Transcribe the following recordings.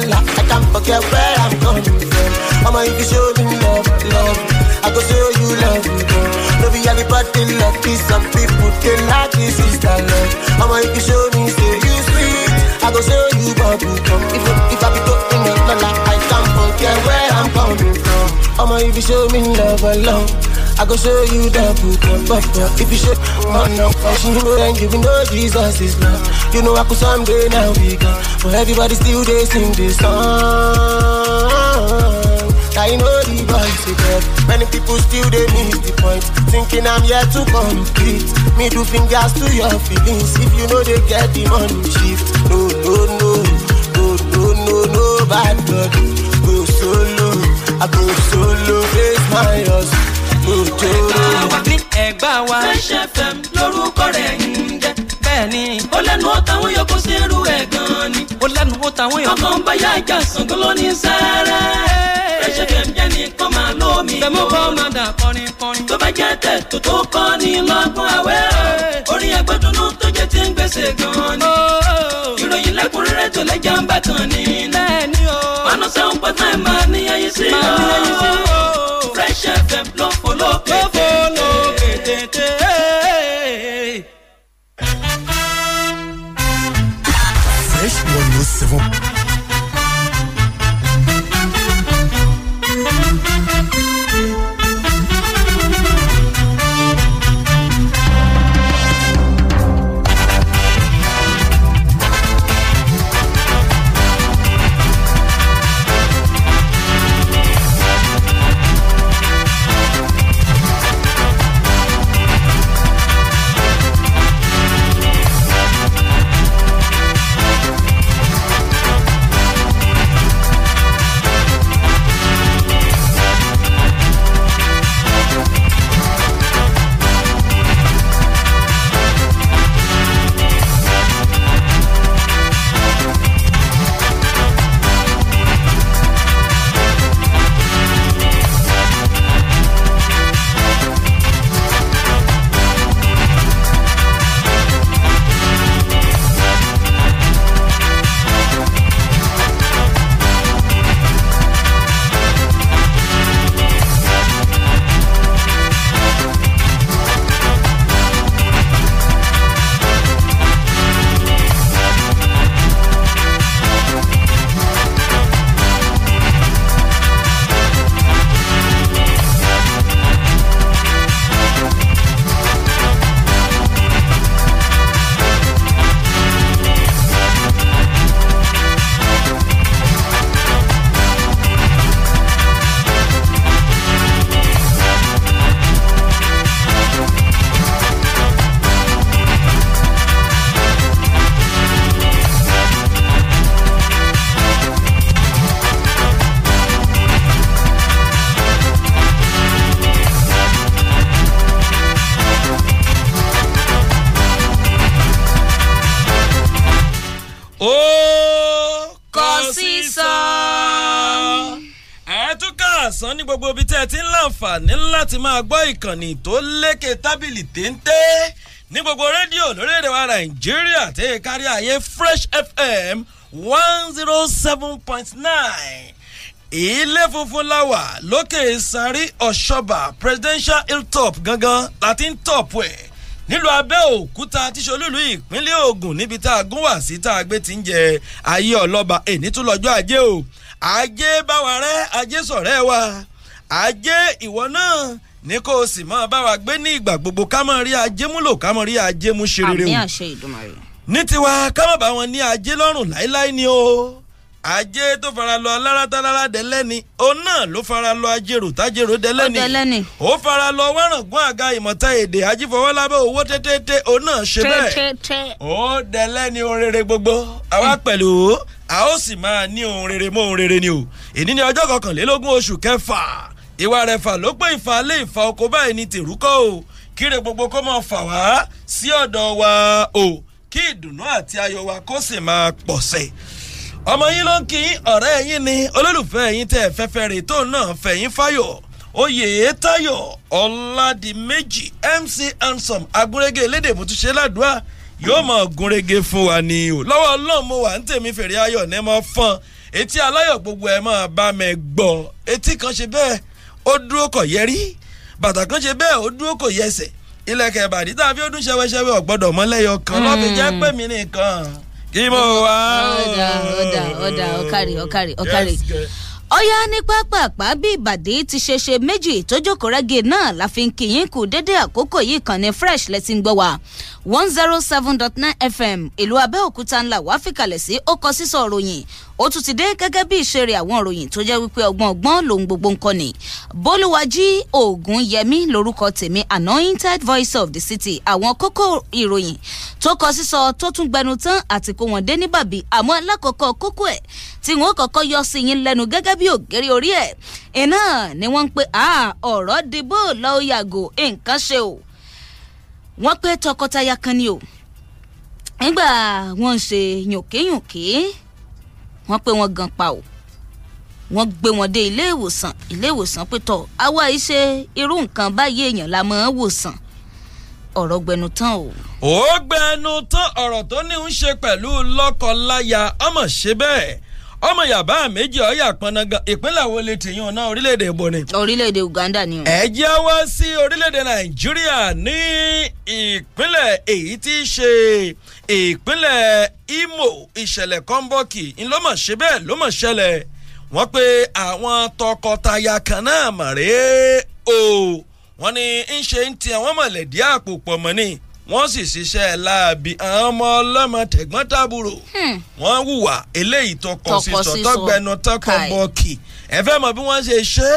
fella. I can't forget where I'm coming from. Mama, if you show me love, love, I go show you love, girl. No be anybody like this. Some people they like this is that love. Mama, if you show me, say you sweet, I go show you bubble gum. If if I be talking, no, no, I can't forget where I'm coming from. Mama, if you show me love, love. I go show you that book and pop up. If you show, oh no, fashion you and you know Jesus is love. You know I could someday now be gone, but everybody still they sing this song. I know the voice again. Many people still they miss the point, thinking I'm yet to complete. Me do fingers to your feelings if you know they get the money shift. No, no, no, no, no, no, no, bad blood. Go solo. Fresh FM lórúkọ rẹ̀ ń jẹ́. bẹ́ẹ̀ni. ó lẹ́nu ó tàwọn yòókù sí irú ẹ̀ gan ni. ó lẹ́nu ó tàwọn yòókù. ọkàn ń bá yá ìjà Ṣàngó lóní sẹ́rẹ́. Fresh FM jẹ́ ní kọ́ máa lómi. bẹ́ẹ̀ mú kọ́ máa dà kọrin kọrin. tó bá jẹ́ tẹ̀ tó tó kọ́ ni lọ́gbọ́n àwẹ̀. orin ẹgbẹ́dúnú tó jẹ́ ti ń gbèsè gan ni. Oh! ìròyìn lẹ́kùnrẹ́rẹ́ tó lẹ́jà ń bàtàn ni. bẹ́ẹ̀ni o. mọ̀nà Fresh FM ló fò avant. ìkànnì tó lékè tábìlì téńté ní gbogbo rédíò lórílẹ̀‐èdè wa nàìjíríà tí kárí ayé fresh fm one zero oh seven point nine ilé funfun láwà lókè sáré ọ̀ṣọ́bà presidential hilltop gangan latin top tọ̀pù ẹ̀ nílùú abẹ́òkúta tíṣolúlu ìpínlẹ̀ ogun níbi tá a gún wá sí tá a gbé ti ń jẹ ayé ọlọ́ba èní tún lọ́jọ́ ajé o ajé báwa rẹ́ ajé sọ̀rẹ́ wa ajé ìwọ náà ní kó o sì máa bá wa gbé ní ìgbà gbogbo ká máa rí ajémúlò ká máa rí ajémú ṣe rere o. àmì àṣẹ ìdùnmọ̀rẹ́. ní tiwa ká má bá wọn ní ajé lọ́rùn láéláé ni o ajé tó fara lọ aláratálára dẹlẹ́ni òun náà ló fara lọ ajérò tájérò dẹlẹ́ni ó fara lọ wárangún àga ìmọ̀ta èdè ajífọwọ́lábẹ́ owó tètè òun náà ṣe bẹ́ẹ̀ ó dẹlẹ́ni mm. a ó sì máa ní ohun rere mọ́ ohun rere ni o èyí ni ọjọ́ kọkànlélógún oṣù kẹfà ìwà rẹ̀ fà ló pé ìfà lé ìfà oko báyìí ní tèrúkọ́ o kíre gbogbo kó máa fà wá sí ọ̀dọ̀ wa o kí ìdùnnú àti ayọ̀ wa kó sì máa pọ̀ sí ọmọ yín ló ń kí ọ̀rẹ́ yín ni olólùfẹ́ yín tẹ̀ fẹ́fẹ́ rè tó náà fẹ̀yìn fáyọ̀ oyètáyọ̀ ọ̀làdìmẹ́jì mc handsome agúnrégé elédè mọ̀túnṣe ládùúgbà yóò mọ̀ gúnrégé fún wa ni o lọ́wọ́ ọlọ́run mo wà ń tèmi fèrè ayọ̀ ní mo fọ́n etí aláyọ̀ gbogbo ẹ̀ máa bá mi gbọ́ etí kan ṣe bẹ́ẹ̀ ó dúró kọ̀ yẹrí bàtà kan ṣe bẹ́ẹ̀ ó dúró kọ̀ yẹsẹ̀ ilẹ̀kẹ̀ ìbàdí tá a fi ó dún ṣẹwẹ́ṣẹwẹ́ ọ̀gbọ́dọ̀ mọ́lẹ́yọ kan lọ́bì jẹ́ pé mi nìkan kí mo wá. ọ̀dà ọ̀dà ọ̀dà ọ̀kàrì ọ̀kàrì ọ̀kàrì ọ̀yá ní pápápá bí ìbàdí ti ṣe ṣe méjì tó jókòó rẹ́gì náà la fi ń kìyìn kù dédé àkókò yìí kan ní fresh lẹ́tí ń gbọ́ wa one zero seven dot nine fm ìlú abẹ́òkúta ńlá wàá fìkàlẹ̀ sí ó kọ sísọ òròyìn ó tún ti dé gẹ́gẹ́ bí ìṣeré àwọn ìròyìn tó jẹ́ wípé ọgbọ́n ọgbọ́n lòun gbogbo nǹkan ni bólúwájí ògùn yẹmí lórúkọ tèmi anointed voice of the city àwọn kókó ìròyìn tó kọ sísọ tó tún gbẹnu tán àti kó wọn dé ní bàbí àmọ́ alákọ̀ọ́kọ́ kókó ẹ̀ tí wọn kọ́kọ́ yọ sí yín lẹ́nu gẹ́gẹ́ bí ògiri orí ẹ̀ iná ni wọ́n ń pe ọ̀rọ̀ dìbò lọ́ọ́ yàgò nǹkan ṣe o wọ́n pé tọkọtaya kan ni o nígbà wọ́n ń ṣe yùnkéyùnké wọ́n pé wọ́n gan pa o wọ́n gbé wọn dé ilé ìwòsàn ilé ìwòsàn pé tọ́ àwa yìí ṣe irú nǹkan báyìí èèyàn la máa ń wòsàn ọ̀rọ̀ gbẹnu tán o. ó gbẹnu tán ọ̀rọ̀ tó ní ń ṣe pẹ̀lú lọ́kọ-láya ọmọ ṣe bẹ́ẹ̀ ọmọ yàbá méjì ọyà pọnagan ìpínlẹ̀ wo lè tìyàn náà orílẹ̀-èdè ibo ni. orílẹ̀-èdè Uganda ni o. ẹ jẹ́ wá sí orílẹ̀-èdè Nàìjíríà ní ìpínlẹ̀ èyí tí í ṣe ìpínlẹ̀ imo ìṣẹ̀lẹ̀ kọ́ńbọ́ọ̀kì ńlọ́mọ̀ ṣe bẹ́ẹ̀ lọ́mọ̀ ṣẹlẹ̀ wọ́n pe àwọn tọkọtaya kan náà mọ̀rẹ́ o wọ́n ní ń ṣe ń tiẹ̀ wọ́n mọ̀lẹ́dí àpò pọ̀ mọ́ ni wọ́n sì ṣiṣẹ́ láabi àwọn ọmọ ọlọ́mọ tẹ̀gbọ́n tàbúrò hmm. wọ́n hùwà eléyìí tọkọ sísọ tọgbẹnu tọkọ̀ńbọ́ọ̀kì ẹ fẹ́ mọ̀ bí wọ́n ṣe ṣe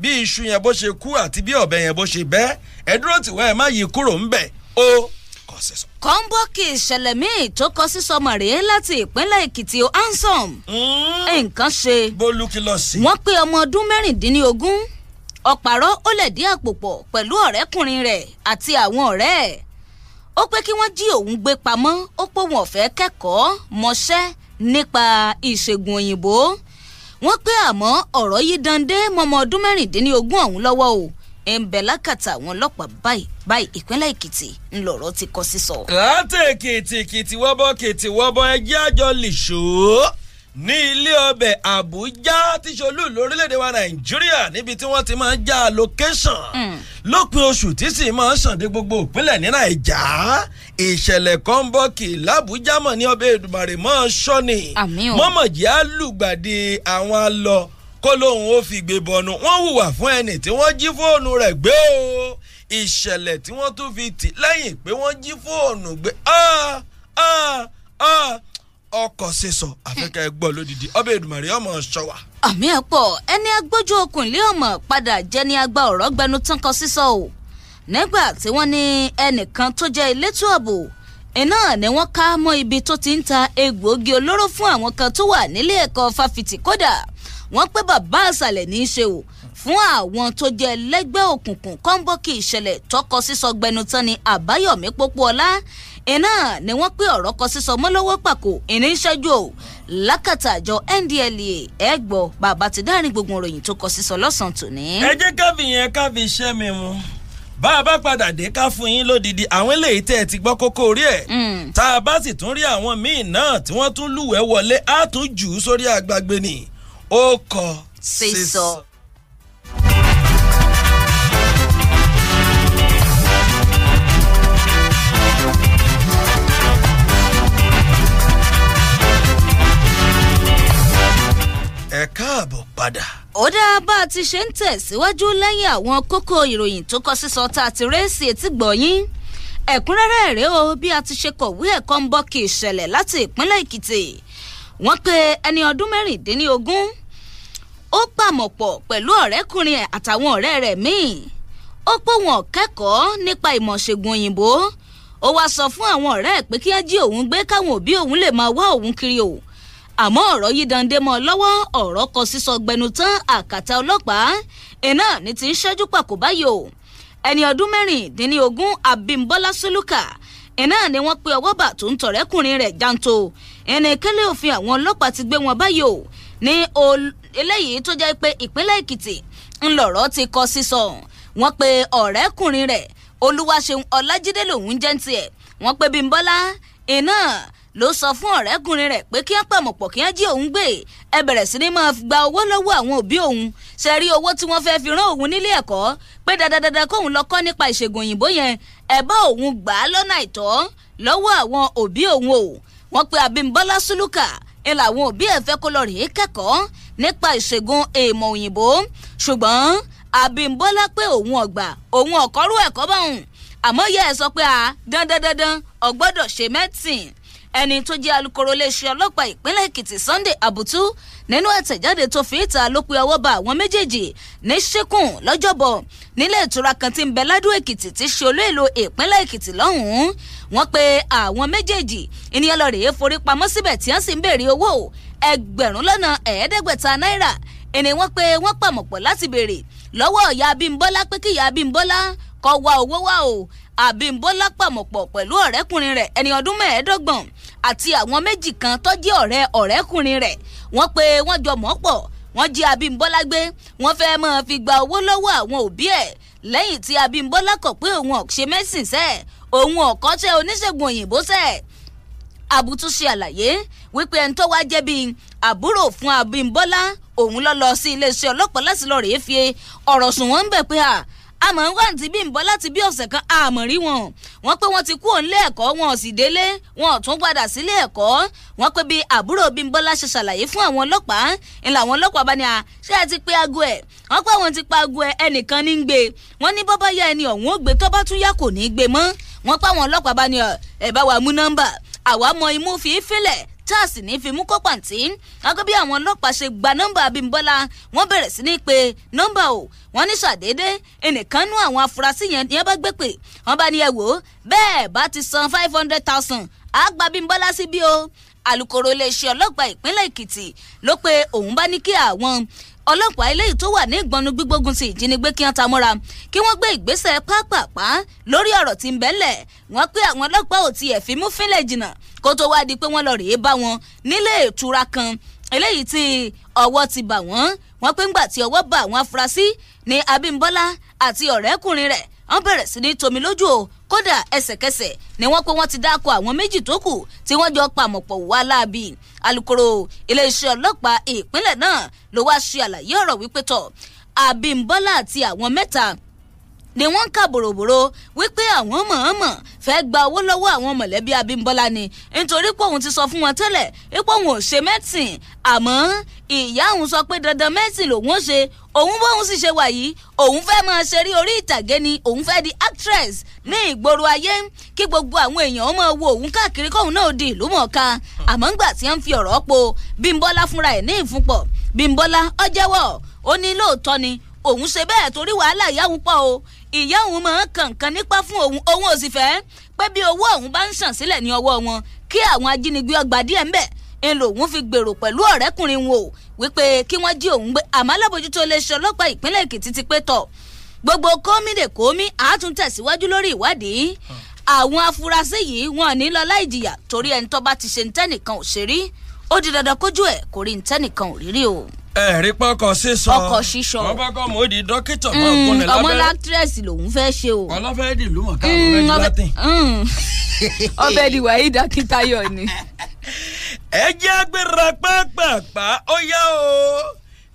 bí iṣu yẹn bó ṣe kú àti bí ọ̀bẹ yẹn bó ṣe bẹ́ ẹ dúró tìwọ́ ẹ má yí kúrò ńbẹ̀ o kọ sísọ. kọ́ńbọ́ọ̀kì ìṣẹ̀lẹ̀ míì tó kọ sísọ mọ̀rẹ́ láti ìpínlẹ̀ èkìtì ansom. Hmm. nǹkan ṣe. bólú kí lọ sí. wọ́n pé ọmọ ọdún mẹ́rìndínlógún ọ̀pàrọ̀ ó lè dín àpò pọ̀ pẹ̀lú ọ̀rẹ́kùnrin rẹ̀ àti àwọn ọ̀rẹ́ ẹ̀ ó pé kí wọ́n jí òun gbé pamọ́ ó pòun ọ̀fẹ́ kẹ́kọ̀ọ́ mọṣẹ́ nípa ìṣègùn òyìnbó wọ́n pé àmọ́ ọ̀rọ̀ yìí dande mọ́mọ́ ọdún mẹ́rìndínlógún ọ̀hún lọ́wọ́ o ẹ̀ ń bẹ̀ lákàtà àwọn ọlọ́pàá báyìí báyìí ìpínlẹ̀ èkìtì ńlọrọ̀ ti kọ sísọ. látẹ̀ kìtìkìtì wọ́bọ̀ kìtì wọ́bọ̀ ẹjẹ́ àjọ lìṣó ní ilé ọbẹ̀ àbújá tíṣolú lórílẹ̀‐èdè wa nàìjíríà níbi tí wọ́n ti máa ń já location hmm. lópin oṣù tí sì máa ń sàn dé gbogbo ìpínlẹ̀ ní nàìjà ìṣẹ̀lẹ̀ kan ń bọ́ kì lábújá mọ̀ ní ọbẹ̀ èdùmàrè mọ́ sọ́ni mọ́mọ̀jì á lùgbàdì àwọn alọ kó lóun ó fi gbé bọnu wọ́n hùwà fún ẹni tí wọ́n jí fóònù rẹ̀ gbé o ìṣẹ̀lẹ̀ tí wọ́n tún fi tì lẹ́yìn pé wọ́n jí fóònù gbé ah, ah, ah. ọkọ̀ sísọ àfẹ́kẹ́ gbọ́ lódìdí ọbẹ̀ Èdùmàrè ọmọ ṣọwà. àmì ẹ̀ pọ̀ ẹni agbójú okùn ilé ọmọ padà jẹ́ ní agba ọ̀rọ̀ gbẹnu tán kọ sísọ o nígbà tí wọ́n ní ẹnìkan tó jẹ́ elétò ààbò iná ni wọ́n ká mọ́ ibi tó ti ń ta egbòogi olóró fún àwọn kan tó wà nílé ẹ̀kọ́ fáfitì kódà wọ́n pé bàbá àṣàlẹ̀ ní í ṣe o fún àwọn tó jẹ́ ẹlẹ́gbẹ́ òkùnkùn kọ́ńbọ́ọ̀kì ìṣẹ̀lẹ̀ tọkọ sísọ gbẹnutan ni àbáyọ̀mí pópóọlá iná ni wọ́n pé ọ̀rọ̀ kọ sísọ mọ́ lọ́wọ́ pàkó ìní ń ṣẹ́jú o lákàtà àjọ NDLEA ẹ gbọ́ bàbá ti dárin gbogbo ìròyìn tó kọ sísọ lọ́sàn-án tòní. ẹ jẹ́ káfí yẹn káfí iṣẹ́ mi mu bá a bá padà dé ká fún yín lódìdí àwọn eléyìí tẹ́ ẹ ti gbọ́ kókó orí ẹ̀ mm. tá a bá sì tún rí àwọn míì náà tí wọ́n tún lúwẹ̀ẹ́ wọlé á tún jù ú sórí àgbàgbé ni ó kọ sísọ. padà. ó dáa bá a ti ṣe ń tẹ̀síwájú lẹ́yìn àwọn kókó ìròyìn tó kọ sísọ tá a ti rẹ́ẹ̀sì etí gbọ̀nyín ẹ̀kúnrẹ́rẹ́ rèé o bí a ti ṣe kọ̀wé ẹ̀kọ́ ń bọ́ kí ìṣẹ̀lẹ̀ láti ìpínlẹ̀ èkìtì wọ́n pe ẹni ọdún mẹ́rìndínlógún ó pàmọ̀pọ̀ pẹ̀lú ọ̀rẹ́kùnrin ẹ̀ àtàwọn ọ̀rẹ́ rẹ̀ míì ó pọ̀ wọn kẹ́kọ̀ọ́ nípa ìmọ̀ṣègùn òyìnbó ó wáá sọ fún àwọn ọ̀rẹ́ pé kí wọ́n jí òun gbé káwọn òbí òun lè máa wá òun kiri òun àmọ́ ọ̀rọ̀ yìí dande mọ́ lọ́wọ́ ọ̀rọ̀ kọ sísọ gbẹnu tán àkàtà ọlọ́pàá iná ní ti ń ṣẹ́jú pàkó báyìí o ẹni ọdún mẹ́rìndínlógún Abímbọ́lá Sùlùkà iná ni wọ́n pe ọwọ́ bà tó ń tọ̀rẹ́kùnrin rẹ̀ janto ẹni kẹ́lẹ́ òfin àwọn ọlọ́pàá ti gbé wọn báyìí o ní eléyìí tó jẹ́ pé ìpínlẹ̀ Èkìtì ńlọ̀rọ̀ ti kọ sísọ wọ́n pe ọ̀rẹ́kùnrin rẹ̀ Olúwaṣeun Ọlájídé lòún jẹ́ ń tiẹ̀ wọ́n pe Bímbọ́lá iná ló sọ fún ọ̀rẹ́kùnrin rẹ̀ pé kí wọ́n pàmòpọ̀ kí wọ́n jí òun gbé ẹ bẹ̀rẹ̀ sí ni máa gba owó lọ́wọ́ àwọn òbí òun ṣe rí owó tí wọ́n fẹ́ fi rán òun nílé ẹ̀kọ́ pé dandandandan kóun lọ kọ́ nípa ìṣègùn òyìnbó yẹn ẹ bá òun gbà á lọ́nà àìtọ́ lọ́wọ́ àwọn òbí òun o wọ́n pe Abímbọ́lá Sùlùkà ń làwọn òbí ẹ̀ fẹ́ kó lọ rèé kẹ́kọ̀ọ́ nípa ìṣègùn èèmọ̀ òyìnbó ṣùgbọ́n Abímbọ́lá pé òun ọ̀gbà òun ọ̀kọ́rú ẹ̀kọ́ báwọn àmọ́ yẹ ẹ sọ pé a dandandandan ọ̀gbọ́dọ̀ ṣe mẹ́tìn ẹni tó jẹ́ alukoro iléeṣẹ́ ọlọ́pàá ìpínlẹ̀ èkìtì sunday abutu nínú àtẹ̀jáde tó fi ìta ló pe ọwọ́ bá àwọn méjèèjì ní ṣẹ́kùn lọ́jọ́bọ̀ nílé ìtura kan tí ń bẹ ládùn èkìtì tí ṣe olú èlò ìpínlẹ̀ èkìtì lọ́hùn-ún wọ́n pe àwọn méjèèjì ènìyàn lọ rèé forí pamọ́ síbẹ̀ tí wọ́n sì ń béèrè owó ẹgbẹ̀rún lọ́nà ẹ̀ẹ́dẹ́gbẹ̀ta náírà ènì wọ́n pe wọ́n pàmọ̀pọ̀ láti béèrè lọ́wọ́ ìyá abímbọ́lá pé kí ìyá abímbọ́lá kó wá owó wá o àbímbọ́lá pàmọ̀pọ̀ pẹ̀lú ọ̀rẹ́kùnrin rẹ̀ ẹni ọdún mẹ́ẹ̀ẹ́dọ́gbọ̀n àti àwọn méjì kan tó jẹ́ ọ̀rẹ́ ọ̀rẹ́kùnrin rẹ̀ wọ́n pe wọ́n jọ mọ́ pọ̀ wọ́n jí àbímbọ́lá gbé wọ́n fẹ́ máa fi gba owó lọ́wọ́ àwọn òbí ẹ̀ lẹ́yìn tí àbímbọ́lá kọ̀ pé òun ọ̀ṣẹ́ mẹ́sìn sẹ́ òun ọ̀kọ́ṣẹ́ oníṣègùn òyìnbó sẹ́ àbùtú ṣe àlàyé wípé ẹni tó wá jẹ́ bíi àbúrò fún àbímbọ́lá òun lọ lọ sí iléeṣẹ́ ọlọ́pàá láti lọ rèé fi ọ̀rọ̀ sùn wọ́n ń bẹ̀ pé à àmọ́ wà ní bí ń láti bí ọ̀sẹ̀ kan àmọ́ rí wọn wọ́n pé wọ́n ti kú òun lé ẹ̀kọ́ wọn ò sì délé wọn ò tún padà sílé ẹ̀kọ́ wọ́n pé bí àbúrò Bímbọ́lá ṣe ṣàlàyé fún àwọn ọlọ́pàá ńlá àwọn ọlọ́pàá bá ní a ṣé ẹ ti pe aago ẹ̀ wọ́n pé àwọn ti pa aago ẹ̀ ẹnìkan ní ń gbé wọ́n ní bọ́bá yá ẹni ọ̀hún ó gbé tó bá tún yá kò ní í gbé mọ́ wọ́n pé àwọn ọlọ́pàá bá ní ẹ̀ bá wa mú nọ́mbà àwa mọ imú fi í fílẹ̀ tá a sì ní fi mú kó pàǹtí agbẹ́ bí àwọn ọlọ́pàá ṣe gba nọ́mbà Abímbọ́lá wọ́n bẹ̀rẹ̀ sí ní pe nọ́mbà o wọ́n ní ṣàdédé ẹnìkan nú àwọn afurasí yẹn ni wọ́n bá gbé pè wọ́n bá ní ẹ wò ó bẹ́ẹ̀ bá ti san five hundred thousand àgbà Abímbọ́lá sí bí o alūkkóró iléeṣẹ́ ọlọ́pàá ìpínlẹ̀ Èkìtì ló pe òun bá ní kí àwọn ọlọ́pàá eléyìí tó wà ní ìgbọ́nú gbígbógun ti ìjínigbé kí wọ́n ta mọ́ra kí wọ́n gbé ìgbésẹ̀ pápápá lórí ọ̀rọ̀ tí ń bẹ́lẹ̀ wọ́n pé àwọn ọlọ́pàá ò tiẹ̀ fimú fínlẹ̀ jìnnà kó tó wáá di pé wọ́n lọ rèé bá wọn nílé ìtura kan eléyìí tí ọwọ́ ti bà wọ́n wọ́n pé ńgbà tí ọwọ́ bá àwọn afurasí ní Abímbọ́lá àti ọ̀rẹ́kùnrin rẹ̀ wọ́n bẹ̀rẹ̀ sí ní tomi lójú o kódà ẹsẹ̀kẹsẹ̀ ni wọ́n pé wọ́n ti dáko àwọn méjì tó kù tí wọ́n jọ pàmòpọ̀ wá láabi alūkkóró iléeṣẹ́ ọlọ́pàá ìpínlẹ̀ náà ló wá ṣe àlàyé ọ̀rọ̀ wípé tọ̀ àbímbọ́lá àti àwọn mẹ́ta ni wọ́n ń kà bòròbòrò wípé àwọn mọ̀ọ́mọ̀ fẹ́ gba owó lọ́wọ́ àwọn mọ̀lẹ́bí Abímbọ́lá ni nítorí pé òun ti sọ fún wọn tẹ́lẹ̀ pé òun ò ṣe mẹ́tìn àmọ́ ìyá òun sọ pé dandan mẹ́tìn lòun ó ṣe òun bóun sì ṣe wà yìí òun fẹ́ máa ṣeré orí ìtàgé ni òun fẹ́ di actress ní ìgboro ayé kí gbogbo àwọn èèyàn máa wo òun káàkiri kóun náà di ìlú mọ̀ọ́ká àmọ́ ńgbà tí wọ́n ń fi ọ̀rọ̀ po Bímbọ́lá fúnra ẹ̀ ní ìfúnpọ̀ Bímbọ́lá ó jẹ́wọ́ ó ní lóòótọ́ ni òun ṣe bẹ́ẹ̀ torí wàhálà ìyá òun pọ̀ o ìyá òun máa ń kànkan nípa fún òun òun ò sì fẹ́ pé bí owó òun bá ń sàn sílẹ̀ ní ọwọ́ wọn kí àwọn ajínigbé ọgbà díẹ̀ ńbẹ̀ ń lòun fi gbèrò pẹ̀lú ọ̀rẹ́kùnrin wọn o wípé kí wọ́n jí òun gbé àmọ́ alábòjútó iléeṣẹ́ ọlọ́pàá ìpínlẹ̀ Èkìtì ti pé tọ̀ gbogbo kómìnà kómì àátún tẹ̀síwájú lórí ìwádìí àwọn afurasí yìí wọn ní lọ láì jìyà torí ẹni tó bá ti ṣe ntẹ́nìkan ò ṣe rí ó di dandan kójú ẹ̀ kò rí ntẹ́nìkan ò rírí o ẹ̀rí pọkọ sísọ ọkọ sísọ wọn bá kọ́ mòódì dókítà máa gúnlẹ̀ lábẹ́ ọmọ láktírẹ́sì lòún fẹ́ ṣe o ọlọ́fẹ́ dì lùmọ̀ káàbọ̀ mm, rẹ̀ ní latin. Mm. ọbẹ̀ ni wàhíì dákítayọ̀ ni. ẹ jẹ́ agbèrè pàápàá ó yá o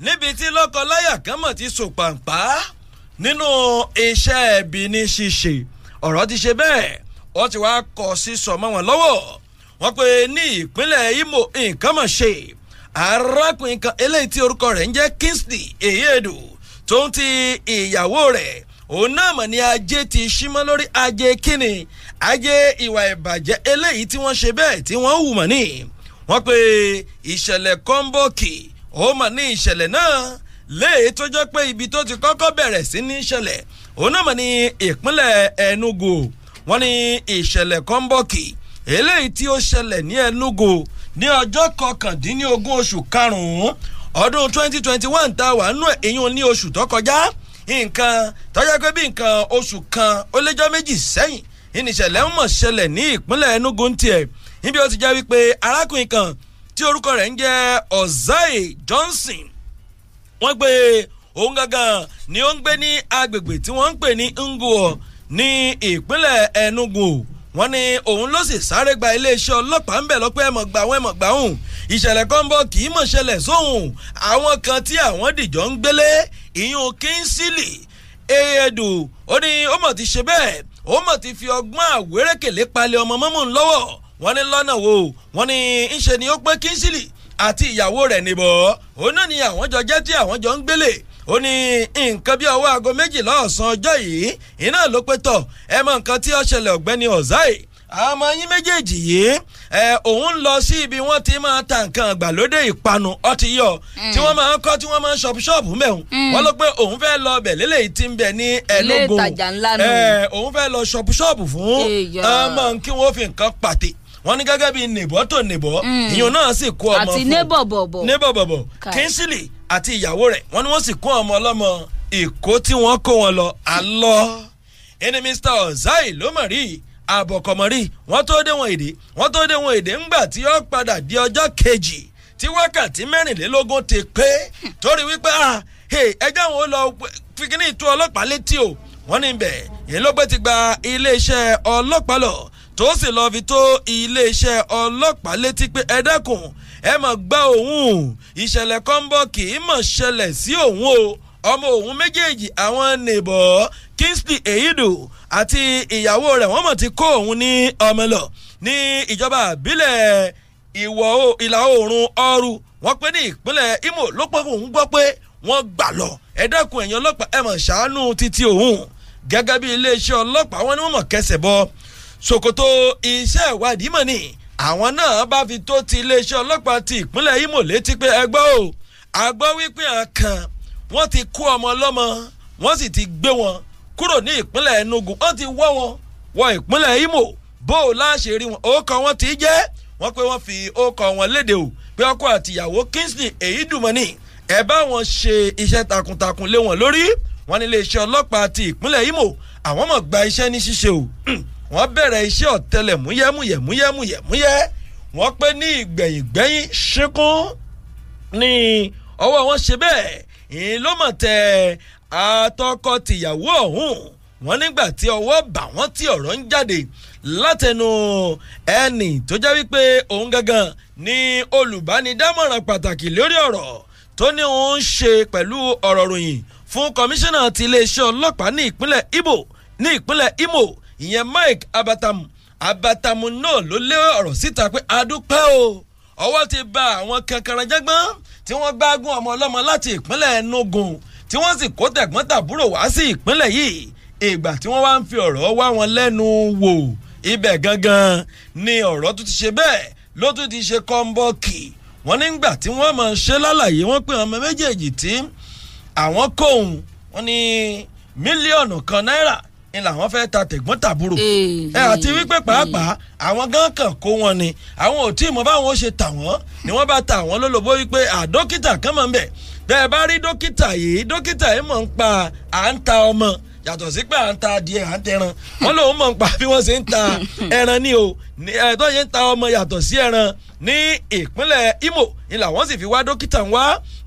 níbi tí lọ́kọ-láyà kan mọ̀ ti sùn pàǹpá nínú iṣẹ́ ẹ̀bí ní ṣíṣe ọ̀rọ̀ ti ṣe bẹ́ẹ̀ wọ́n ti wá kọ sísọ mọ́ wọn lọ́wọ́ wọ́n pe ní ìpínlẹ̀ Imo nǹkan mọ̀ ṣe arákùnrin kan eléyìí tí orúkọ rẹ̀ ń jẹ́ kingsley eyedu tó ń ti ìyàwó rẹ̀ òun náà mọ̀ ní ajé ti símọ́ lórí ajé kínni ajé ìwà ìbàjẹ́ eléyìí tí wọ́n ṣe bẹ́ẹ̀ tí wọ́n hù mọ̀ ní wọ́n pe ìṣẹ̀lẹ̀ kọ́ńbọ̀kì ó mọ̀ ní ìṣẹ̀lẹ̀ náà léè tó jẹ́ pé ibi tó ti kọ́kọ́ bẹ̀rẹ̀ sí ní ìṣẹ̀lẹ̀ òun náà mọ̀ ní ìpínlẹ̀ enugu wọ́n ní ìṣẹ̀lẹ̀ kọ́ńbọ̀kì eléyìí tí ó ṣẹlẹ̀ ní enugu ní ọjọ́ kọkàndínlógún oṣù karùn-ún ọdún twenty twenty one tá a wà nínú ìyún ní oṣù tó kọjá nǹkan tọ́jà pé bí nǹkan oṣù kan ó léjọ́ méjì sẹ́yìn ìníṣẹ̀lẹ̀ ń mọ̀ ṣẹlẹ̀ ní ìpínlẹ̀ enugu tiẹ̀ níbi ó ti jẹ́ wípé arákùnrin kan tí orúkọ rẹ̀ ń jẹ́ ọ̀záì johnson wọ́n gbé òun gangan ni ó ń gbé ní agbègbè tí wọ́n ń pè ní nguo ní ìpínlẹ̀ enugu wọ́n ní òun ló sì sáré gba iléeṣẹ́ ọlọ́pàá ń bẹ̀ lọ́pẹ́ ẹ̀mọ̀ gbà wọ́n ẹ̀mọ̀ gbà hùn ìṣẹ̀lẹ̀ kan bọ̀ kì í mọ̀ ṣẹlẹ̀ sóhun àwọn kan tí àwọn dìjọ́ ń gbélé ìyún kínsìlì eedu ó ní ó mọ̀ ti ṣe bẹ́ẹ̀ ó ti fi ọgbọ́n àwérékèlé palẹ̀ ọmọ mọ́mọ́ ń lọ́wọ́ wọ́n ní lọ́nà wo wọ́n ní ńṣe ni ó pé kínsìlì àti ìyàwó rẹ̀ nìbọ̀ òun náà ni àwọn jọ jẹ́ tí àwọn jọ ń gbélé ó ní nǹkan bí ọwọ́ aago méjìlá ọ̀sán ọjọ́ yìí iná ló pé tọ̀ ẹ mọ nǹkan tí ó ṣẹlẹ̀ ọ̀gbẹ́ni ọ̀záì àmọ́ yín méjèèjì yìí ẹ òun lọ sí ibi wọ́n ti máa ta nǹkan àgbàlódé ìpanu ọtí yọ mm. tí wọ́n máa ń kọ́ tí wọ́n máa ń ṣọ́ọ̀bù ṣọ́ọ̀bù mẹ́hùn mm. wọ́n ló pé òun fẹ́ lọ ọbẹ̀ lélẹ̀ tí ń bẹ ní ẹlógún ẹ òun fẹ́ lọ ṣọ́ọ̀bù ṣọ́ọ̀bù fún ọmọ kí wọ́n fi nǹkan pàtẹ wọ́n ní gẹ́gẹ́ bíi nìbọ́ tó nìbọ́ mm. ìyún náà sì kó ọmọ fún àti nébọ̀bọ̀bọ̀ nébọ̀bọ̀bọ̀ kínsìlì àti ìyàwó rẹ̀ wọ́n ní wọ́n sì kó ọmọ ọlọ́mọ ìkó tí wọ́n kó wọn lọ àlọ́ ẹni Mr Ozai ló mọ̀ rí àbọ̀kọ̀mọ̀rí wọ́n tó dé wọn èdè wọ́n tó dé wọn èdè ńgbà tí ó padà di ọjọ́ kejì tí wákàtí mẹ́rìnlélógún ti pé torí wípé ẹjẹ́ àwọn ó lọ fi ìtú ọlọ́pàá létí o wọ́n ní bẹ̀ yẹn ló gbé ti gba iléeṣẹ́ ọlọ́pàá lọ tó sì lọ́ọ́ fi tó iléeṣẹ́ ọlọ́pàá létí pé ẹ ẹ mọ̀ gbọ́ òun ìṣẹ̀lẹ̀ kan bọ̀ kì í mọ̀ ṣẹlẹ̀ sí òun o ọmọ òun méjèèjì àwọn nìbọ̀ Kingsley Eyidu àti ìyàwó rẹ̀ wọ́n mọ̀ ti kó òun ní ọmọ lọ ní ìjọba àbílẹ̀ ìlà oòrùn ọrù wọ́n pé ní ìpínlẹ̀ Imo ló pọ̀ òun gbọ́ pé wọ́n gbà lọ ẹ dákun ẹ̀yin ọlọ́pàá ẹ mọ̀ ṣàánú títí òun gẹ́gẹ́ bí iléeṣẹ́ ọlọ́pàá wọn ni wọ́n mọ̀ kẹsẹ̀ bọ́ ṣòkòtò iṣẹ́ ìwádìí mọ̀ ni àwọn náà bá fi tó ti iléeṣẹ́ ọlọ́pàá ti ìpínlẹ̀ Imo létí pé ẹ o a gbọ́ wípé àkàn wọ́n ti kó ọmọ lọ́mọ wọ́n sì ti gbé wọn kúrò ní ìpínlẹ̀ Enugu wọ́n ti wọ́ wọn wọ ìpínlẹ̀ Imo bó o láṣẹ rí wọn orúkọ wọn ti jẹ́ wọ́n pé wọ́n fi orúkọ wọn léde o pé ọkọ àtìyàwó Kingsley Èyídùmọ́nì ẹ bá wọn ṣe iṣẹ́ takuntakun lé wọn lórí wọn ní iléeṣẹ́ ọlọ́pàá ti ìpínlẹ̀ Imo àwọn mọ̀ gba iṣẹ́ ní ṣíṣe o wọ́n bẹ̀rẹ̀ iṣẹ́ ọ̀tẹlẹ̀múyẹ́múyẹ́múyẹ́múyẹ́ wọ́n pé ní ìgbẹ̀yìngbẹ́yìn ṣíkún ní ọwọ́ wọn ṣe bẹ́ẹ̀ ìyìn ló mọ̀ tẹ àtọkọ tìyàwó ọ̀hún wọn nígbà tí ọwọ́ bà wọ́n tí ọ̀rọ̀ ń jáde látẹnu ẹnì tó jẹ́ wípé òun gangan ni olùbánidámọ̀ràn pàtàkì lórí ọ̀rọ̀ tó ní òun ṣe pẹ̀lú ọ̀rọ̀ ròyìn fún kọmíṣánná ti iléeṣẹ́ ọlọ́pàá ní ìpínlẹ̀ Ibo ní ìpínlẹ̀ Imo ìyẹn Mike Abatamu Abatamu náà ló lé ọ̀rọ̀ síta pé adúpẹ́ o ọwọ́ ti bà àwọn kankaranjẹ́gbọ́n tí wọ́n gbágun ọmọ ọlọ́mọ láti ìpínlẹ̀ Enugu tí wọ́n sì kó tẹ̀gbọ́n tàbúrò wá sí ìpínlẹ̀ yìí ìgbà tí wọ́n wá ń fi ọ̀rọ̀ wá wọn lẹ́nu wò ibẹ̀ gangan ni ọ̀rọ̀ tó ti ṣe bẹ́ẹ̀ ló tún ti ṣe kọ́ńbọ́ọ̀kì wọ́n nígbà tí wọ́n máa ṣe lálàyé wọ́n pé ọmọ méjèèjì tí àwọn kóhun wọ́n ní mílíọ̀nù kan náírà ni làwọn fẹ́ ta tẹ̀gbọ́n tàbúrò ẹ àti wípé pàápàá àwọn gan kan kó wọn ni àwọn ò tí ì mọ báwọn ó ṣe tà wọ́n ni wọ́n bá ta àwọn lólobó wípé àdókítà kan máa ń bẹ́ẹ̀ bá rí dókítà yìí dókítà yìí mọ̀ ń pa à ń ta ọmọ yàtọ̀ sí pé à ń ta adìẹ à ń tẹran wọn lòun mọ̀ ń pa bí wọ́n ṣe ń ta ẹran ní o tó yẹ ń ta ọmọ yàtọ̀ sí ẹran ní ìpínlẹ̀ Imo ni làwọn sì fi wá dókítà wá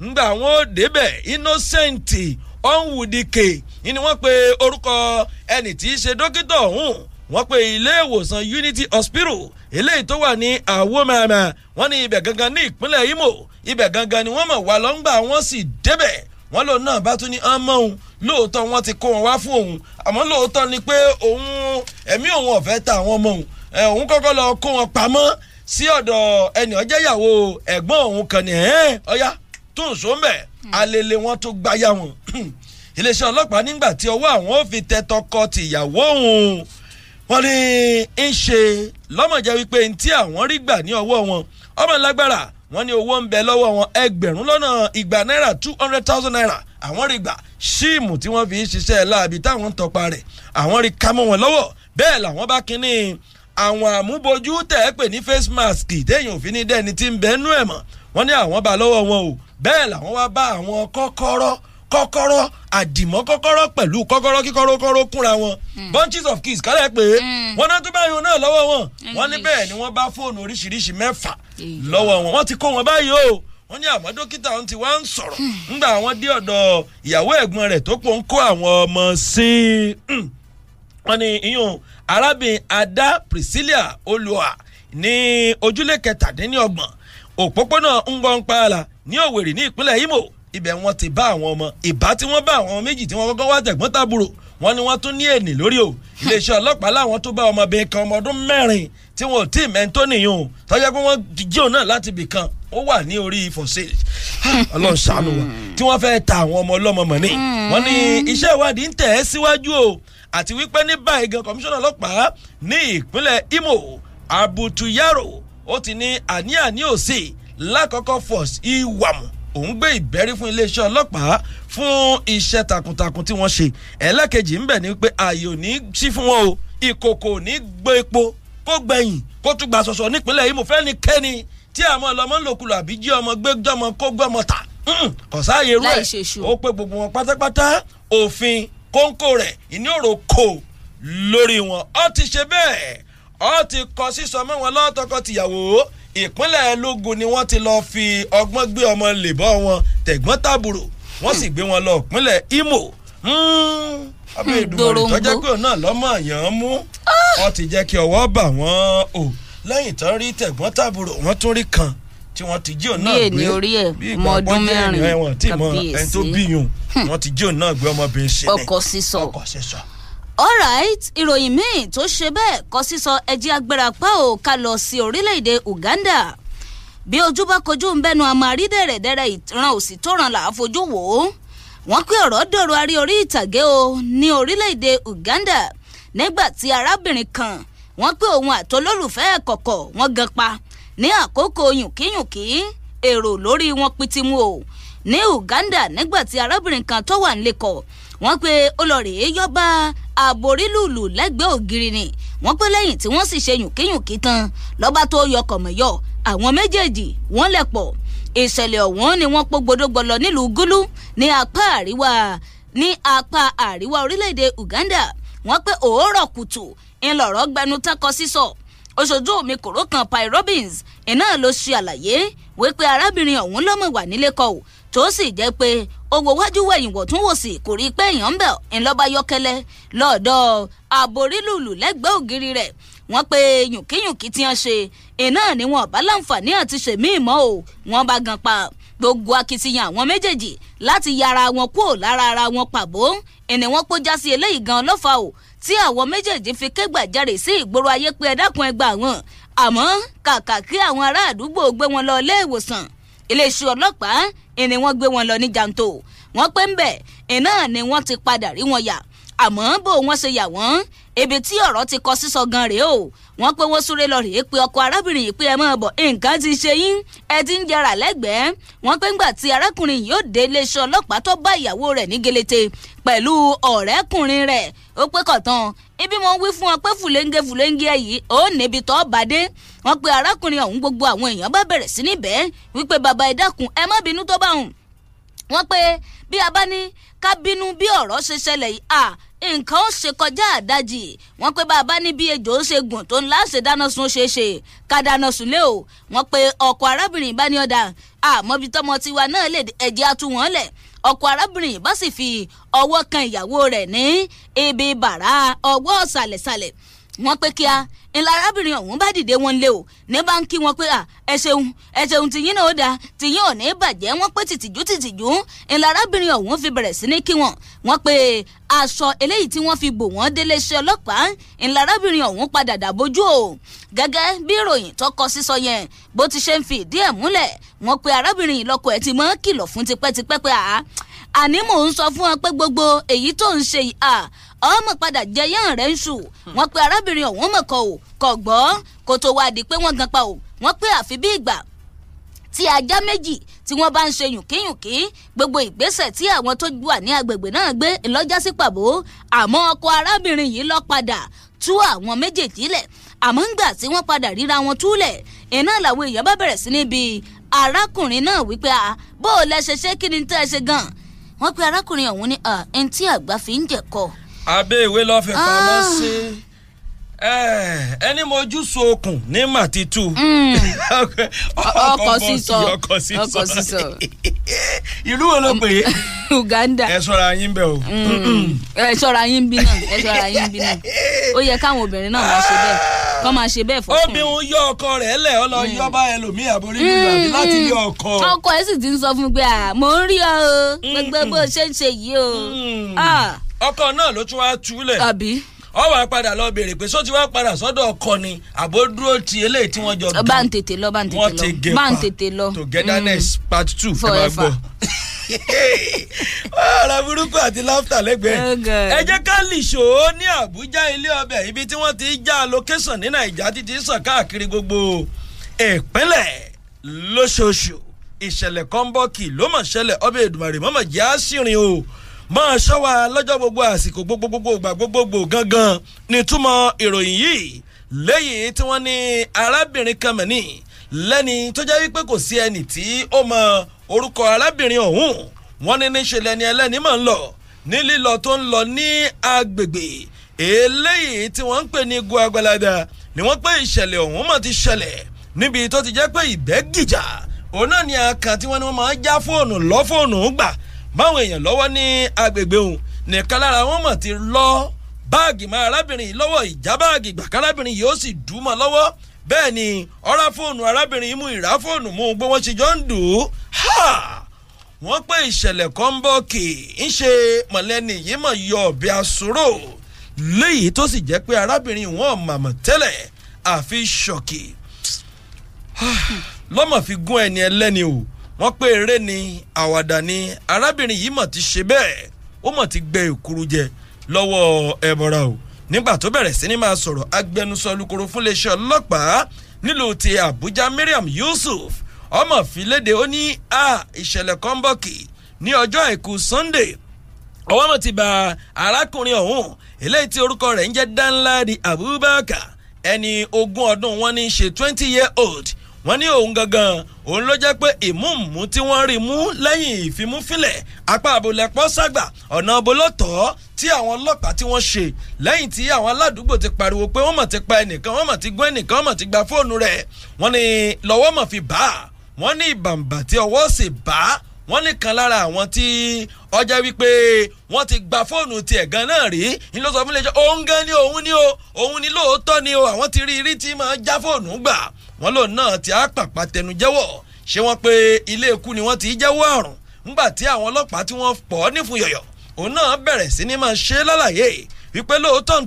ńgbà wọn ò débẹ̀ Innocent ọ̀nwùdíkè ni wọ́n pe orúkọ ẹni tí í ṣe dókítà ọ̀hún wọ́n pe ilé ìwòsàn unity hospital eléyìí tó wà ní àwòmọ̀ọ́mọ̀ wọ́n ní ibẹ̀ gangan ní ìpínlẹ̀ imo ibẹ̀ gangan ni wọ́n mọ̀ wá lọ́ngbà wọ́n sì débẹ̀ wọ́n lòun náà bá tún ní ọmọ òun lóòótọ́ wọ́n ti kó wọn wá fún òun àmọ́ lóòótọ́ ni pé òun ẹ̀mí òun ọ̀fẹ́ ta àwọn ọmọ òun òun kọ́kọ́ lọ kó wọn pamọ́ sí ọ̀dọ̀ ẹnì ọjẹ́ ẹ̀gbọ́n òun kàn ní ẹ̀ẹ́n ọ̀yá tún sóńbẹ̀ẹ́ Hmm. alele wọn tó gbáyà wọn iléeṣẹ́ ọlọ́pàá nígbà tí ọwọ́ àwọn ò fi tẹ tọkọ tìyàwó òun wọ́n ní ń ṣe lọ́mọ̀jẹ́ wípé ní tí àwọn rí gbà ní ọwọ́ wọn ọmọ lágbára wọ́n ní owó ń bẹ lọ́wọ́ wọn ẹgbẹ̀rún lọ́nà ìgbà náírà two hundred thousand naira àwọn rí gbà síìmù tí wọ́n fi ń ṣiṣẹ́ láàbí táwọn ń tọpa rẹ̀ àwọn rí kámọ́ wọn lọ́wọ́ bẹ́ẹ̀ làwọn bá kínní àwọn àmúbojú tẹ̀ ẹ́ pè ní face mask téèyàn òfin ní dẹ́ni tí ń bẹ́ẹ̀ nú ẹ̀ mọ́ wọ́n ní àwọn bá lọ́wọ́ wọn o bẹ́ẹ̀ làwọn wá bá àwọn kọ́kọ́rọ́ kọ́kọ́rọ́ àdìmọ́ kọ́kọ́rọ́ pẹ̀lú kọ́kọ́rọ́ kíkọ́rọ́ kọ́rọ́ kúnra wọn hmm. bunches of keys kálẹ̀ pé hmm. wọn náà tún báyìí náà lọ́wọ́ wọn hmm. wọn ní bẹ́ẹ̀ ni wọ́n bá fóònù oríṣiríṣi mẹ́fà lọ́wọ́ wọn wọ́n ti kó wọn báyìí o wọ́n ní àmọ́ dókítà ń ti wá ń sọ̀rọ̀ ńgbà àwọn dé ọ̀dọ̀ ìyàwó ẹ̀gbọ́n rẹ̀ tó pọ̀ ń kó àwọn ọmọ sí i wọ́n ní iyún arábìnrin ada priscilla olùwà ní ojúlé kẹtàdínlọ́gbọ̀n òpópónà ngbọ̀npààlà ní Òwèrì ní ìpínlẹ̀ Imo ibẹ̀ wọn ti bá àwọn ọmọ ìbá tí wọ́n bá àwọn méjì tí wọ́n kọ́kọ́ wá tẹ̀gbọ́n tàbúrò wọn ni wọ́n tún ní ènì lórí o iléeṣẹ́ ọlọ́pàá làwọn tó bá ọmọbìnrin kan ọmọ ọdún mẹ́rin tí wọn ò tí ì mẹ́ńtó nìyẹn o tọ́jà pé wọ́n jí náà láti ibì kan ó wà ní orí ìfọ̀sẹ̀ ọlọ́run ṣàánú wa tí wọ́n fẹ́ẹ́ ta àwọn ọmọ ọlọ́mọ mọ̀ ní. wọ́n ní iṣẹ́ ìwádìí ń tẹ̀ ẹ́ síwájú o àti wípé ní báyìí gan kọmíṣánná ọlọ́pàá ní ìpínlẹ̀ Imo Abutuyaro ó ti ní àní-àní òsì lákọ̀ọ́kọ́ force ìwàmù òun gbé ìbẹ́rí fún iléeṣẹ́ ọlọ́pàá fún iṣẹ́ takuntakun tí wọ́n ṣe ẹlẹ́kejì ń bẹ̀ ni pé ààyè ò ní sí fún wọn o ìkòkò ò ní gbé epo kó gbẹ̀yìn kó tún gbà sọ̀sọ̀ nípínlẹ̀ yìí mo fẹ́ ní kẹ́ni tí àwọn ọlọmọ ń lòkulò àbí jí ọmọ gbé jọmọ kó gbé ọmọ tà hmm, kò sáàyè ó pé gbogbo wọn pátápátá òfin kóńkó rẹ̀ ìní òrò kò lórí wọn ó ti ṣe bẹ́ẹ̀ ọ ti kọ sísọ mọ́ wọn tìyàwó ìpínlẹ̀ lógun ni wọ́n ti lọ́ọ́ fi ọgbọ́n gbé ọmọ lèbọ́ wọn tẹ̀gbọ́n tàbúrò wọ́n sì gbé wọn lọ ìpínlẹ̀ Imo ọbẹ̀ ìdùnnú ìtọ́jẹ́ pé náà lọ́mọ àyàn mú ah! ọ ti jẹ́ kí ọwọ́ bà wọ́n o lẹ́yìn tán rí tẹ̀gbọ́n tàbúrò wọ́n tún rí kan tí wọ́n ti jí òun náà gbé bí ìgbà ọdún mẹ́rin kàbíyèsí hmm. wọ́n ti jí òun náà gbé ọmọbìnrin ṣe ọkọ̀ sísọ alright ìròyìn míì tó ṣe bẹ́ẹ̀ kọ sísọ ẹjẹ́ agbára pa ò ká lọ sí orílẹ̀-èdè Uganda bí ojú bá kojú ń bẹnu àmọ́ àrídẹ̀rẹ̀dẹ̀rẹ̀ ìran òsì tó ràn là á fojú wò ó wọ́n pé ọ̀rọ̀ dọ̀rọ̀ arí orí ìtàgé o ní orílẹ̀-èdè Uganda nígbà tí arábìnrin kan wọ́n pé òun àtolólùfẹ́ ẹ̀ kọ̀kọ̀ wọ́n gan pa ní àkókò yùnkíyùnkí èrò lórí wọn pitimu o ní Uganda nígbà tí arábìnrin kan tó wà nílé wọ́n pe ó lọ rèé yọba àbórílùlù lẹ́gbẹ̀ẹ́ ògiri ni wọ́n pé lẹ́yìn tí wọ́n sì ṣe yùnkíyùnkí tán lọ́ba tó yọkọ̀ mọ́yọ́ àwọn méjèèjì wọ́n lẹ̀ pọ̀ ìṣẹ̀lẹ̀ ọ̀hún ni wọ́n pògbódógbò lọ nílùú gúlú ní apá àríwá ní apá àríwá orílẹ̀-èdè Uganda wọ́n pé òórọ̀ kùtù ńlọrọ̀ gbẹnu tẹ́kọ sísọ oṣojú mi kòró kan Pi Robbins iná ló ṣe àlàyé wípé arábìnrin ọ̀hún lọ́mọ wà nílé kọ́ ò tó sì jẹ́ pé owó wájú wẹ̀yìn wọ̀túnwòsì kò rí i pé èèyàn ń bẹ̀ ńlọ́ba yọkẹlẹ́ lọ́ọ̀dọ̀ àborílùlù lẹ́gbẹ̀ẹ́ ògiri rẹ̀ wọ́n pe yùnkíyùnkí tí wọ́n ṣe iná ni wọn bá láǹfààní àti ṣèmí ìmọ̀ o wọ́n bá gan pa gbogbo akitiyan àwọn méjèèjì láti yára wọn kúrò lára ara wọn pàbó ẹni wọn kó já sí eléyìí gan lọ́fà o tí àwọn méjèèjì fi kégbàjarè sí ìgboro ayé pé ẹ dákun ẹgbàá wọn àmọ́ kàkà kí àwọn ará àdúgbò gbé wọn lọ ilé ìwòsàn iléeṣẹ́ ọlọ́pàá ni wọ́n gbé wọn lọ ní jàǹtò wọ́n pé ń bẹ̀ iná ni wọ́n ti padà rí wọn yà àmọ́ bó wọ́n ṣe yà wọ́n ibi tí ọ̀rọ̀ ti kọ sísọ gan rèé o wọ́n pé wọ́n súré lọ rèé pé ọkọ arábìnrin yìí pé ẹ máa bọ̀ nǹkan ti ṣe yín ẹ ti ń jẹrà lẹ́gbẹ̀ẹ́ wọ́n pé ńgbà tí arákùnrin yìí ó dé iléeṣẹ́ ọlọ́pàá tó bá ìyàwó rẹ̀ ní gelete pẹ̀lú ọ̀rẹ́kùnrin rẹ̀ ó pé kọ̀tàn ibi mo ń wí fún ọ pé fùlẹ́ńgẹ́ fùlẹ́ńgẹ́ yìí ó níbi tó bá dé wọ́n pé arákùnrin ọ̀hún gbogbo àwọn èèyàn bá bẹ̀rẹ̀ sí níbẹ̀ wípé bàbá ẹ ẹ má bínú tó bá hùn wọ́n pé bí a bá ní ká bínú bí ọ̀rọ̀ ṣe ṣẹlẹ̀ yìí à nǹkan ó ṣe kọjá àdájì wọn pé bá a bá ní bí ejò ó ṣe gùn tó ńlá ṣe dáná sun ṣe ṣe ká dáná sùn lé o wọn pe ọkọ arábìnrin bá ní ọ̀dà àmọ́bi tọmọ tiwa náà lè ẹ̀jẹ̀ atúwọ̀n lẹ̀ ọkọ arábìnrin bá sì fi ọwọ́ kan ìyàwó rẹ̀ ní ibi bàrà ọwọ́ sàlẹ̀sàlẹ̀ wọ́n pé kíá ńlá arábìnrin ọ̀hún bá dìde wọn lé o ní bá ń kí wọn pé ẹ ṣeun ẹ ṣeun tìyín náà ó dáa tìyín ò ní bàjẹ́ wọ́n pé tìtìjú tìtìjú ńlá arábìnrin ọ̀hún fi bẹ̀rẹ̀ sí ní kí wọn wọ́n pé aṣọ eléyìí tí wọ́n fi bò wọ́n délé iṣẹ́ ọlọ́pàá ńlá arábìnrin ọ̀hún padà dàbójú o gẹ́gẹ́ bí ìròyìn tó kọ sísọ yẹn bó ti ṣe ń fi ìdí ẹ̀ múlẹ̀ wọ́n pé arábìnrin ìlọ́kọ ẹ̀ ti mọ́ kìlọ̀ fún tipẹ́tipẹ́ pé àá àní mò ń sọ fún ọ pé gbogbo èyí tó ń ṣe à ọmọ padà jẹyàn rẹ ń ṣù hmm. wọn pe arábìnrin ọ̀hún mọ̀kọ ò kọ̀ gbọ́ kó tó wá di pé wọ́n gan pa ò wọ́n pé àfi bí ìgbà tí ajá méjì tí wọ́n bá ń ṣe yùnkíyùnkí gbogbo ìgbésẹ̀ tí àwọn tó wà ní agbègbè náà gbé lọ́jà sí pàbó àmọ́ ọkọ arábìnrin yìí lọ padà tú àwọn méjèèjì lẹ̀ àmọ́ ńgbà tí wọ́n padà ríra wọn túlẹ̀ iná làwọn èèyàn bá bẹ̀rẹ̀ sí níbi arákùnrin náà wípé a bó o lẹ ṣe ṣe kí ni tẹ́ ẹ ṣe gan-an wọ́n pe arákùnrin ọ̀hún ní ẹni àgbà fi ń jẹ̀kọ. abẹ́ ìwé lọ́ọ́ fi pamọ́ ah. sí. Eh, ẹni mojú so okùn ní màtítù hmm. ọkọ sísọ ọkọ sísọ ìlú wo ló pè é Uganda ẹ ṣọ́ra yín bẹ o hmm. ẹ ṣọ́ra yín bí náà ẹ ṣọ́ra yín bí náà ó yẹ káwọn obìnrin náà máa ṣe bẹ́ẹ̀ kọ́ máa ṣe bẹ́ẹ̀ fọ́fún. obìnrin yọ ọkọ rẹ̀ lẹ̀ ọ lọ hmm. yọ bá ẹlòmíì àborí ìlú láti ilé ọkọ. ọkọ ẹ sì ti ń sọ fún mi pé mò ń rí ọ o gbogbo bó ṣe ń ṣe yìí o. Ah. ọkọ náà ló tún wá túlẹ̀. àbí ọ wàá padà lọ béèrè pé sọ ti wá padà sọ́dọ̀ ọkọ ni àbó ti eléyìí tí wọ́n jọ dùn bá ń tètè lọ bá ń tètè lọ wọ́n ti gé pa togetherness mm. part two ẹ máa gbọ́ ara burúkú àti láftà lẹ́gbẹ̀ẹ́. Oh, ẹ jẹ́ ká lìṣó ní àbújá ilé ọbẹ̀ ibi tí wọ́n ti já location ní nàìjà títí sàn káàkiri gbogbo ìpínlẹ̀ lóṣooṣù ìṣẹ̀lẹ̀ kan ló mọ̀ ṣẹlẹ̀ ọbẹ̀ èdùmàrè mọ́mọ̀ jẹ́ àṣìrìn o máa ṣọ́ wa lọ́jọ́ gbogbo àsìkò gbogbo gbogbo ìgbà gbogbogbò gangan nítumọ̀ ìròyìn yìí lẹ́yìn tí wọ́n ní arábìnrin kan mẹ́ni lẹ́ni tó jẹ́ wípé kò sí ẹni tí ó mọ orúkọ arábìnrin ọ̀hún wọ́n ní níṣe lẹ́ni ẹlẹ́ni máa ń lọ ní lílọ tó ń lọ ní agbègbè eléyìí tí wọ́n ń pè ní igun agbalada ni wọ́n pé ìṣẹ̀lẹ̀ ọ̀hún mọ̀ ti ṣẹlẹ̀ níbi tó ti jẹ́ pé ìbẹ́ gìjà òun náà ni àkàn tí wọ́n ní wọ́n máa ń já fóònù lọ́ fóònù gbà máwọn èèyàn lọ́wọ́ ní agbègbè òun nìkan lára wọn mọ̀ ti lọ báàgì mọ́ arábìnrin yìí lọ́wọ́ ìjà báàgì gbàkà arábìnrin yìí ó sì dùn mọ́ lọ́wọ́ bẹ́ẹ̀ ni ọ̀rá fóònù arábìnrin mú ìrá fóònù mú gbé wọ́n ṣe jọ ń dùn ún wọ́n pé ìṣẹ̀lẹ̀ kan ń bọ̀ kì í ṣe mọ̀lẹ́ni yìí mọ̀ yọ ọ̀bẹ àsúrò léyìí tó sì jẹ́ pé arábìnrin wọn màmọ̀ tẹ́lẹ̀ àfi ṣọ̀kì lọ́mọ̀ fi gún ẹni ẹlẹ́ni o wọ́n pé eré ni àwàdà ni arábìnrin yìí mọ̀ ti ṣe bẹ́ẹ̀ ó mọ̀ ti gbẹ ìkuru jẹ lọ́wọ́ ẹ̀bọ̀ra o nígbà tó bẹ̀rẹ̀ sí ni máa sọ̀rọ̀ agbẹnusọ olùkóró fún ọlọ́pàá nílùú ti àbújá mariam yusuf ọmọ fìlédè ó ní a ìṣẹ̀lẹ̀ kan bọ̀ kì ní ọjọ́ àìkú sunday ọwọ́ mọ̀ ti ba arákùnrin ọ̀hún eléyìí tí orúkọ rẹ̀ ń jẹ́ danladi abubakar ẹni ogún ọdún wọn ní í ṣe twenty year old wọ́n ní òun gangan òun ló jẹ́ pé ìmúùmú tí wọ́n rí mú lẹ́yìn ìfimúfilẹ̀ apá àbòlẹ̀pọ̀ ságbà ọ̀nà abolótọ́ tí àwọn ọlọ́pàá tí wọ́n ṣe lẹ́yìn tí àwọn aládùúgbò ti pariwo pé wọ́n mọ̀ ti pa ẹnìkan wọ́n mọ̀ ti gún ẹnìkan wọ́n mọ̀ ti gba fóònù rẹ̀ wọ́n ní lọ́wọ́ mọ̀ fi bá wọ́n ní ìbàǹbà tí ọwọ́ sì bá wọ́n ní kan lára àwọn tí ọjọ́ wípé wọ́n ti gba fóònù tiẹ̀ gan náà rí ni ló sọ fún iléeṣẹ́ òun gan ni òun ni o òun ni lóòótọ́ ni o àwọn ti rí irí tí máa já fóònù gbà wọ́n lòun náà ti á pàpà tẹnu jẹ́wọ́ ṣé wọ́n pé ilé ikú ni wọ́n ti jẹ́wọ́ àrùn ńgbà tí àwọn ọlọ́pàá tí wọ́n pọ̀ nífun yọ̀yọ̀ òun náà bẹ̀rẹ̀ sí ni máa ṣe lálàyé wípé lóòótọ́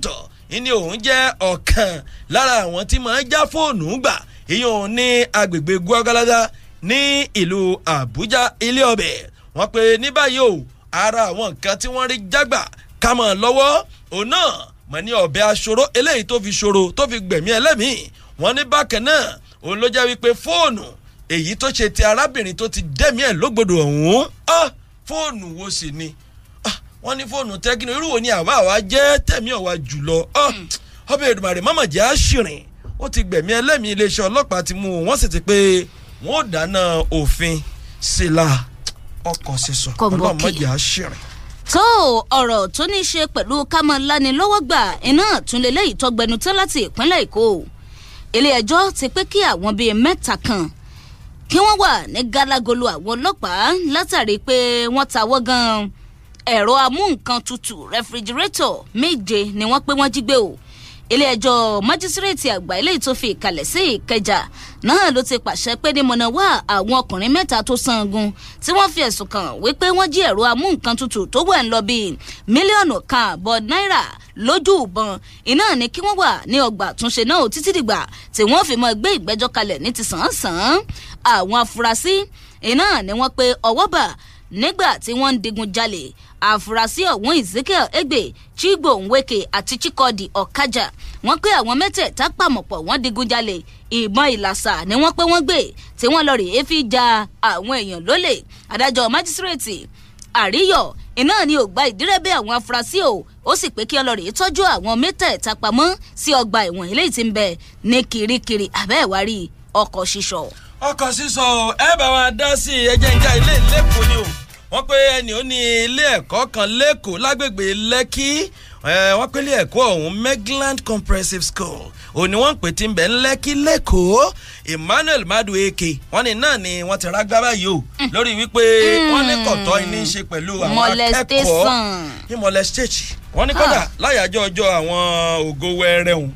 ni òun jẹ́ ọ̀kan lára àwọn tí máa já fóònù gbà ìyẹn òun ní agbègbè Gwagalaga ní ìlú abuja ilé ọbẹ̀ wọ́n pe ní báyìí o ara àwọn nǹkan tí wọ́n rí jágbà kámọ̀ lọ́wọ́ òun náà mọ̀ ní ọ̀bẹ aṣòro eléyìí tó fi ṣòro tó fi gbẹ̀mí ẹlẹ́mìí wọ́n ní bákan náà òun ló jẹ́ wípé fóònù èyí tó ṣe ti arábìnrin tó ti dẹ́mi ẹ̀ lógbòdò ọ̀hún fóònù wo sì ni wọ́n ní fóònù tẹ́kínú irú wo ni àwa àwa jẹ́ tẹ̀mí ọ̀wà jùlọ hmm. ọbẹ̀ Èdùmàrè mọ́mọ̀jẹ́ àṣìrìn ó ti gbẹ̀mí ẹlẹ́mìí iléeṣẹ́ ọlọ́pàá ti mú un wọ́n sì ti pé wọn ò dáná òfin sí la ọkọ̀ sísun ọlọ́run mọ̀jà ṣìrìn. tó ọ̀rọ̀ tó ní í ṣe pẹ̀lú kámọ́ lánilọ́wọ́gbà iná túnlélẹ́yìí tọgbẹnu tán láti ìpínlẹ̀ èkó ilé-ẹjọ́ ti pé kí àwọn bíi mẹ́ta kan kí wọ́n wà ní galagolo àwọn ọlọ́pàá látàrí pé wọ́n tawọ́ gan ẹ̀rọ amúnkan tutù rẹfrigirétọ̀ méje ni wọ́n pé wọ́n jí gbé o ilé-ẹjọ́ májísírèètì àgbà eléyìí tó fi ìkàlẹ̀ sí ìkẹjà náà ló ti pàṣẹ pé ní mọ̀nàwá àwọn ọkùnrin mẹ́ta tó sangun tí wọ́n fi ẹ̀sùn kàn wípé wọ́n jí ẹ̀rọ amúnkan tutù tó wà ń lọ bíi mílíọ̀nù kan àbọ̀ náírà lójú ìbọn iná ni kí wọ́n wà ní ọgbà àtúnṣe náà títí dìgbà tí wọ́n fi mọ́ gbé ìgbẹ́jọ́ kalẹ̀ ní ti sàn án àwọn afurasí iná ni wọ́n pe ọwọ́ bà nígbà tí wọ́n ń digun jalè àfúrásì ọ̀hún ezekiel egbe chigbo nweke àti chikodi ọ̀kájà wọ́n pé àwọn mẹ́tẹ̀ẹ̀ta pàmọ̀pọ̀ wọ́n digunjalè ìbọn ìlàsà ni wọ́n pé wọ́n gbé tí wọ́n lọ rèé fi ja àwọn èèyàn lólè adájọ́ májísírèètì àríyọ̀ iná ni ò gba ìdírẹ́bẹ̀ àwọn afurasí o ó sì pé kí ọlọ́rìí tọ́jú àwọn mẹ́tẹ̀ẹ̀ta pamọ́ sí ọgbà ìwọ̀n eléyìí ti ń bẹ ní kirikiri àbẹ́ẹ̀wárí ọkọ̀ sísọ. ọkọ̀ sísọ ẹ bá wa dá sí ẹjẹ́ ìjà ilé ìlẹ́kùn ni o wọ́n pé ẹnì ó ní ilé ẹ̀kọ́ kan lẹ́kọ̀ọ́ lágbègbè lẹ́kì wọ́n pé ilé ẹ̀kọ́ ọ̀hún megland comprehensive school òní wọ́n ń pè tí ń bẹ̀ ń lẹ́kì lẹ́kọ̀ọ́ emmanuel madueke wọ́n ní náà ni wọ́n ti rágbá báyìí o mm. lórí wípé mm. wọ́n ní kọ̀tọ́ ní í ṣe pẹ̀lú àwọn akẹ́kọ̀ọ́ ní molestation wọ́n ní kọ́dà ah. láyàjọ́ ọjọ́ àwọn ògo wẹrẹ